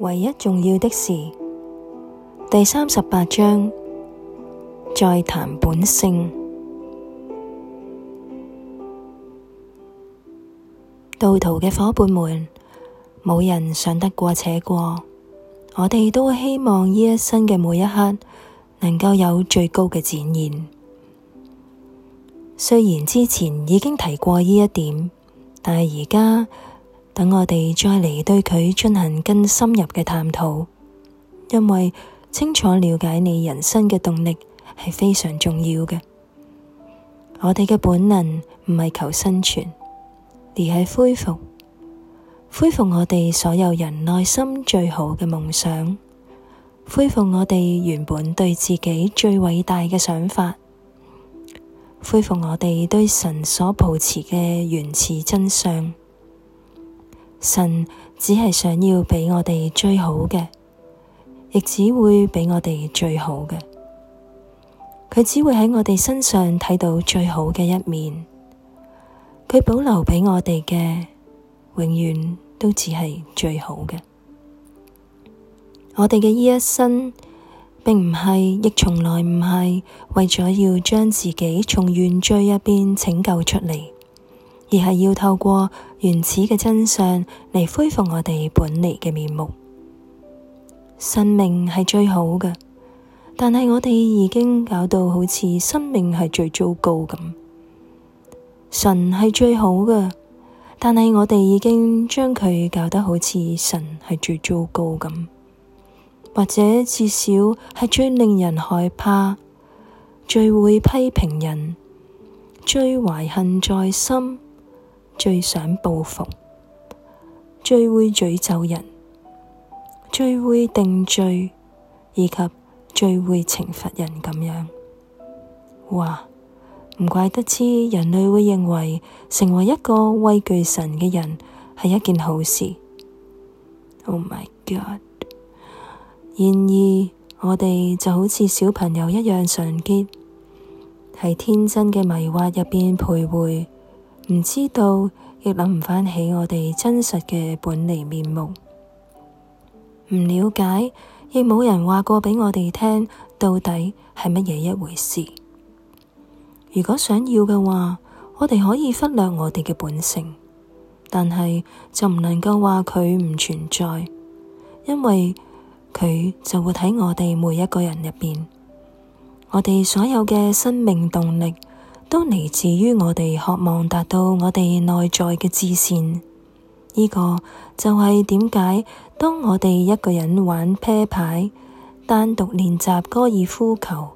唯一重要的事第三十八章再談本性。道途嘅伙伴們，冇人想得過且過，我哋都希望呢一生嘅每一刻，能夠有最高嘅展現。雖然之前已經提過呢一點，但係而家。等我哋再嚟對佢進行更深入嘅探討，因為清楚了解你人生嘅動力係非常重要嘅。我哋嘅本能唔係求生存，而係恢復、恢復我哋所有人內心最好嘅夢想，恢復我哋原本對自己最偉大嘅想法，恢復我哋對神所抱持嘅原始真相。神只係想要畀我哋最好嘅，亦只會畀我哋最好嘅。佢只會喺我哋身上睇到最好嘅一面。佢保留畀我哋嘅，永遠都只係最好嘅。我哋嘅呢一生，並唔係，亦從來唔係為咗要將自己從原罪入邊拯救出嚟。而係要透過原始嘅真相，嚟恢復我哋本嚟嘅面目。生命係最好嘅，但係我哋已經搞到好似生命係最糟糕咁。神係最好嘅，但係我哋已經將佢搞得好似神係最糟糕咁，或者至少係最令人害怕、最會批評人、最懷恨在心，最想報復，最會詛咒人，最會定罪以及最會懲罰人咁樣，哇！唔怪得之人類會認為成為一個畏懼神嘅人係一件好事。Oh my God！然而我哋就好似小朋友一樣純潔，喺天真嘅迷惑入邊徘徊。唔知道，亦諗唔返起我哋真實嘅本嚟面目；唔了解，亦冇人話過畀我哋聽，到底係乜嘢一回事。如果想要嘅話，我哋可以忽略我哋嘅本性，但係就唔能夠話佢唔存在，因為佢就會喺我哋每一個人入邊，我哋所有嘅生命動力。都嚟自於我哋渴望達到我哋內在嘅至善。呢、這個就係點解當我哋一個人玩啤牌、單獨練習高爾夫球、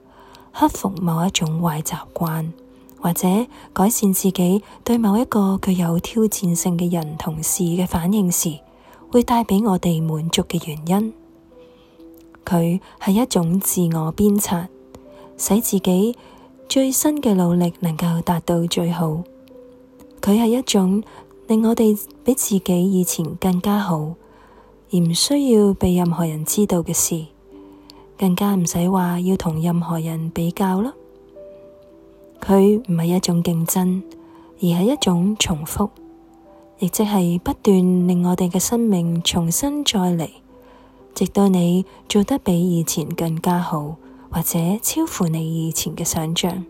克服某一種壞習慣，或者改善自己對某一個具有挑戰性嘅人同事嘅反應時，會帶畀我哋滿足嘅原因。佢係一種自我鞭策，使自己。最新嘅努力能夠達到最好，佢係一種令我哋比自己以前更加好，而唔需要被任何人知道嘅事，更加唔使話要同任何人比較咯。佢唔係一種競爭，而係一種重複，亦即係不斷令我哋嘅生命重新再嚟，直到你做得比以前更加好。或者超乎你以前嘅想象，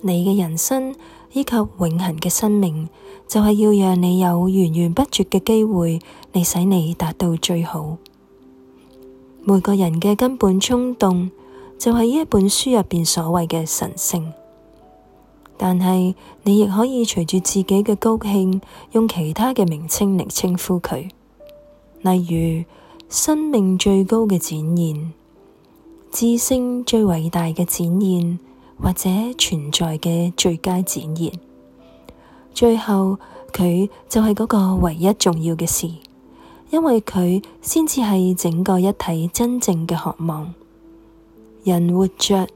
你嘅人生以及永恆嘅生命，就係要讓你有源源不絕嘅機會嚟使你達到最好。每個人嘅根本衝動就係呢一本書入邊所謂嘅神聖，但係你亦可以隨住自己嘅高興，用其他嘅名稱嚟稱呼佢，例如生命最高嘅展現。知性最偉大嘅展現，或者存在嘅最佳展現，最後佢就係嗰個唯一重要嘅事，因為佢先至係整個一體真正嘅渴望。人活着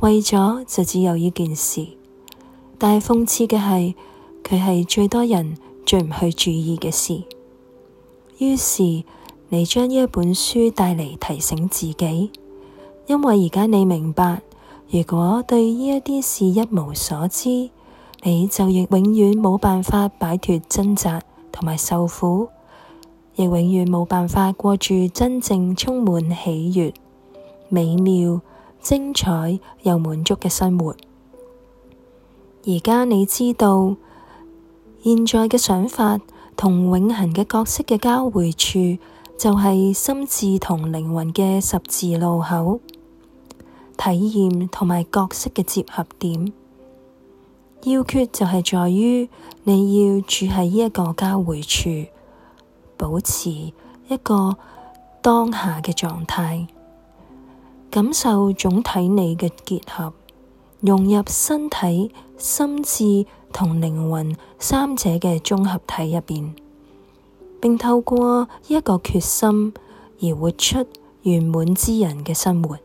為咗就只有呢件事，但係諷刺嘅係，佢係最多人最唔去注意嘅事。於是你將呢一本書帶嚟提醒自己。因為而家你明白，如果對呢一啲事一無所知，你就亦永遠冇辦法擺脫掙扎同埋受苦，亦永遠冇辦法過住真正充滿喜悦、美妙、精彩又滿足嘅生活。而家你知道，現在嘅想法同永恒嘅角色嘅交匯處就係心智同靈魂嘅十字路口。體驗同埋角色嘅結合點，要訣就係在於你要住喺呢一個交匯處，保持一個當下嘅狀態，感受總體你嘅結合，融入身體、心智同靈魂三者嘅綜合體入邊，並透過一個決心而活出圓滿之人嘅生活。